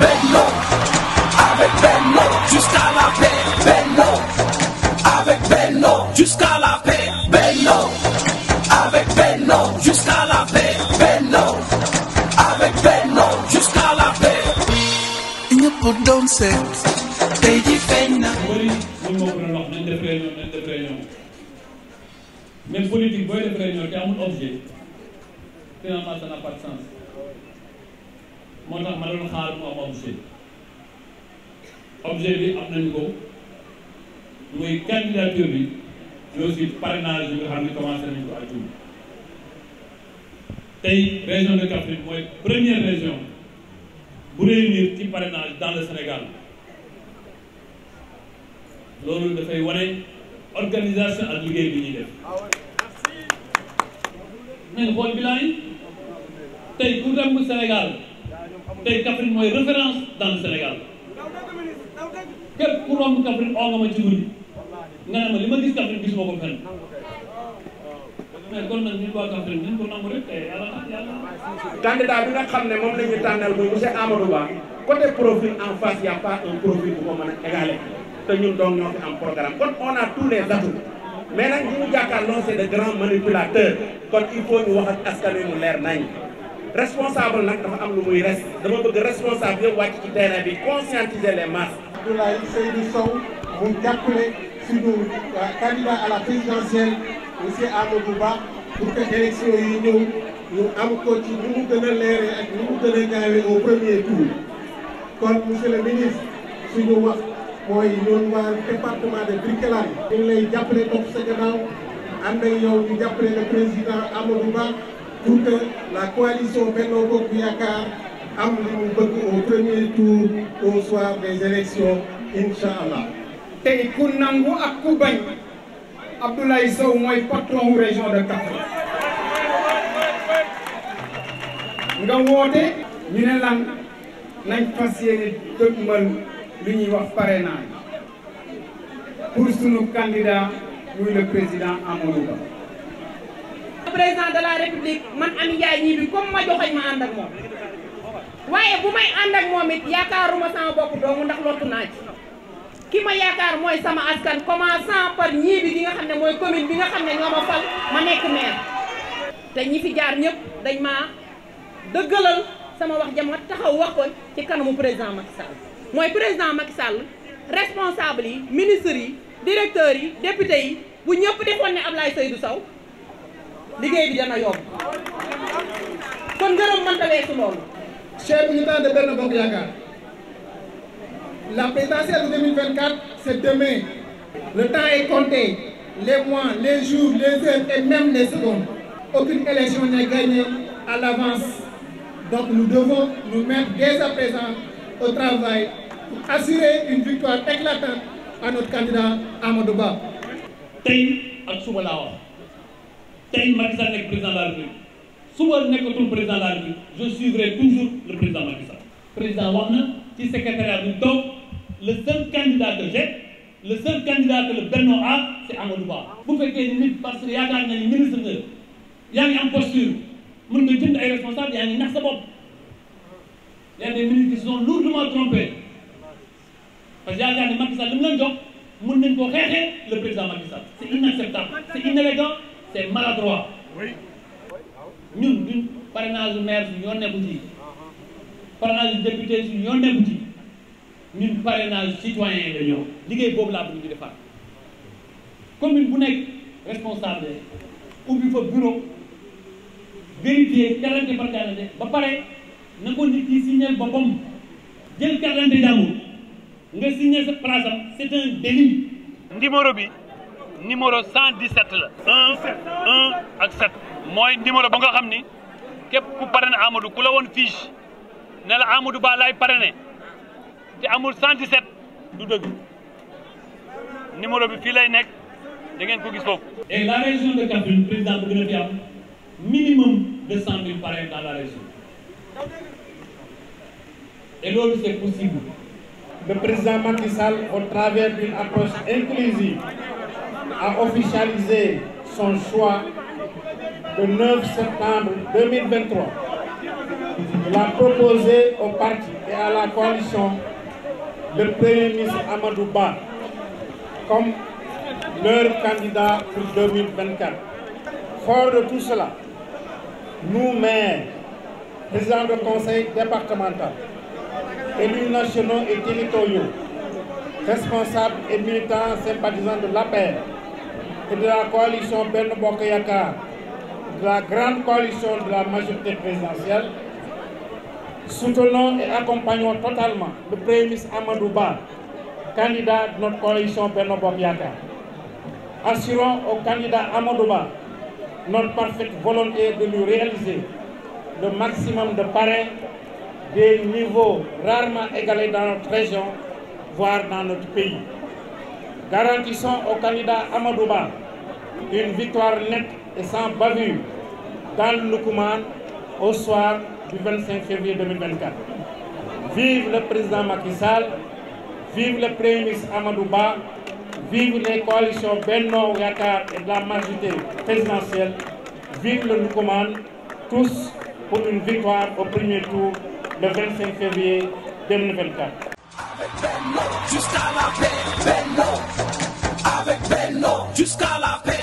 Benno, avec Benno, jusqu'à la paix. Benno, avec Benno, jusqu'à la paix. Benno, avec Benno, jusqu'à la paix. Benno, avec Benno, jusqu'à la paix. ñëpp doon seet tey ji feeñ na. bëri mun moo ko doon wax nañ def réunion nañ def réunion mais politique booy def réunion te amul objet finalement ça n'a pas de sens. moo tax ma doon xaar mu am objet bi am nañu ko muy candidature bi mais aussi parrainage bi nga xam ne commencé nañ ko àdduna tey région de Kaffrine mooy première région bu réunir ci parrainage dans le Sénégal loolu dafay wane organisation ak liggéey bi ñuy def nañ xool bilan yi tey ku dem Sénégal. tey Kaffrine mooy référence dans le Sénégal képp ku romb Kaffrine oo nga ma ci guddi nga ne ma li ma gis Kaffrine gisuma ko fenn mais kon nag ñun waa Kaffrine ñu ko nangu rek te yàlla yàlla. candidat bi nga xam ne moom la ñu tànnal muy monsieur Amadou Ba côté profil en face y' a pas un profil bu ko mën a égaler te ñun donc ñoo fi am programme kon on a tous les atouts. mais nag ñi mu jàkkaarloo c'est de grands manipulateurs kon il faut ñu wax ak askan wi mu leer nañ responsable nag dafa am lu muy res dama bëgg responsable yëpp wàcc ci terrain bi conscientiser les masses. Abdoulaye Seydou Sow mu jàppale suñu euh, candidat à la présidentielle monsieur Amadou Ba pour que élection yi ñëw ñu am ko ci ni mu gën a leeree mu gën a gaawee premier tour. kon monsieur le ministre suñu wax mooy ñun waa département de Birkelane. ñu lay jàppale topp sa gannaaw ànd ak yow ñu jàppale le président Amadou Ba. pour que la coalition Benno Bokk Yaakaar am li mu bëgg au premier tour au soir des élections incha allah. tey ku nangu ak ku bañ Abdoulaye Sow mooy patron wu région de nga woote ñu ne lan nañ fas yéene lu ñuy wax parrainage pour sunu candidat muy le président Amadou président de la république man Amy Ndiaye ñii bi comme ma joxoñ ma ànd ak moom waaye bu may ànd ak moom it yaakaaruma sama bopp doomu ndax lottu naa ci ki ma yaakaar mooy sama askan commençant par ñii ki nga xam ne mooy commune bi nga xam ne ñoo ma fal ma nekk maire te ñi fi jaar ñëpp dañ maa dëggalal sama wax jama taxaw wax ko ci kanamu président Macky Sall mooy président Macky sàll responsable yi ministre yi directeurs yi députés yi bu ñëpp defoon ne Ablaye Seydou Sow liggéey bi dana yomb kon ngërëm mënta weesu loolu. chers de Benno Bokk Yaakaar la présidentielle de 2024 demain le temps est compté les mois les jours les heures et même les secondes aucune élection n'est gagnée à l'avance donc nous devons nous mettre dès à présent au travail pour assurer une victoire éclatante à notre candidat Amadou Ba. tey Macky Sall nekk président de la République suba nekkatul président de la République je suivrai toujours le président Macky Sall président wax na ci secrétariat bu toog le seul candidat que j'ai le seul candidat que le Benno a c'est Amadou Ba bu fekkee nit parce que yaakaar na ni ministre nga yaa ngi am posture mën nga jënd ay responsable yaa ngi nax sa bopp y a des ministres qui se sont lourdement trompés parce que yaakaar ne Macky Sall li mu leen jox mën nañ koo xeexee le président Macky Sall c'est inacceptable c'est inélégant c'est maladroit ñun duñ parrainage du maire suñu yoon nekku ci parrainage député suñu yoon nekku ci ñun parrainage citoyen la liggéey boobu laa bëgg ñu defar commune bu nekk responsable bi fa bureau vérifier carte par ba pare na ko nit ki signer boppam jël carte d'identité jàmbur nga signer sa place am c'est un délit. numéro bi. numéro 117 la 1 1 ak 7 mooy numéro ba nga xam ni képp ku parrainé Amadou ku la woon fiche ne la Amadou Ba laay parrainé te amul 117 du dëgg numéro bi fii lay nekk da ngeen ko gis foofu. et la région de Kaffrine président bëgg na fi am minimum de 100 000 parrains dans la région et loolu c'est possible. le président Macky Sall au travers d'une approche a officialisé son choix le septembre Il a proposé au parti et à la coalition le Premier ministre Amadou Ba comme leur candidat pour 2024. Fort de tout cela, nous, maires, présidents de conseil départemental, élus nationaux et territoriaux, responsables et militants sympathisants de l'APR, et de la coalition Benno Bokk Yakaar, de la grande coalition de la majorité présidentielle, soutenons et accompagnons totalement le Premier ministre Ba, candidat de notre coalition Benno Bokk Yakaar. Assurons au candidat Amadou notre parfaite volonté de lui réaliser le maximum de parrains des niveaux rarement égalés dans notre région, voire dans notre pays. garantissons au candidat Amadouba une victoire nette et sans bavure dans le Koumane au soir du février Vive le président Macky vive le premier ministre Amadouba, vive les coalitions Benno Yakar et de la majorité présidentielle, vive le Koumane, tous pour une victoire au premier tour le février Avec Benno, jusqu'à la paix, Benno. Avec Benno, jusqu'à la paix.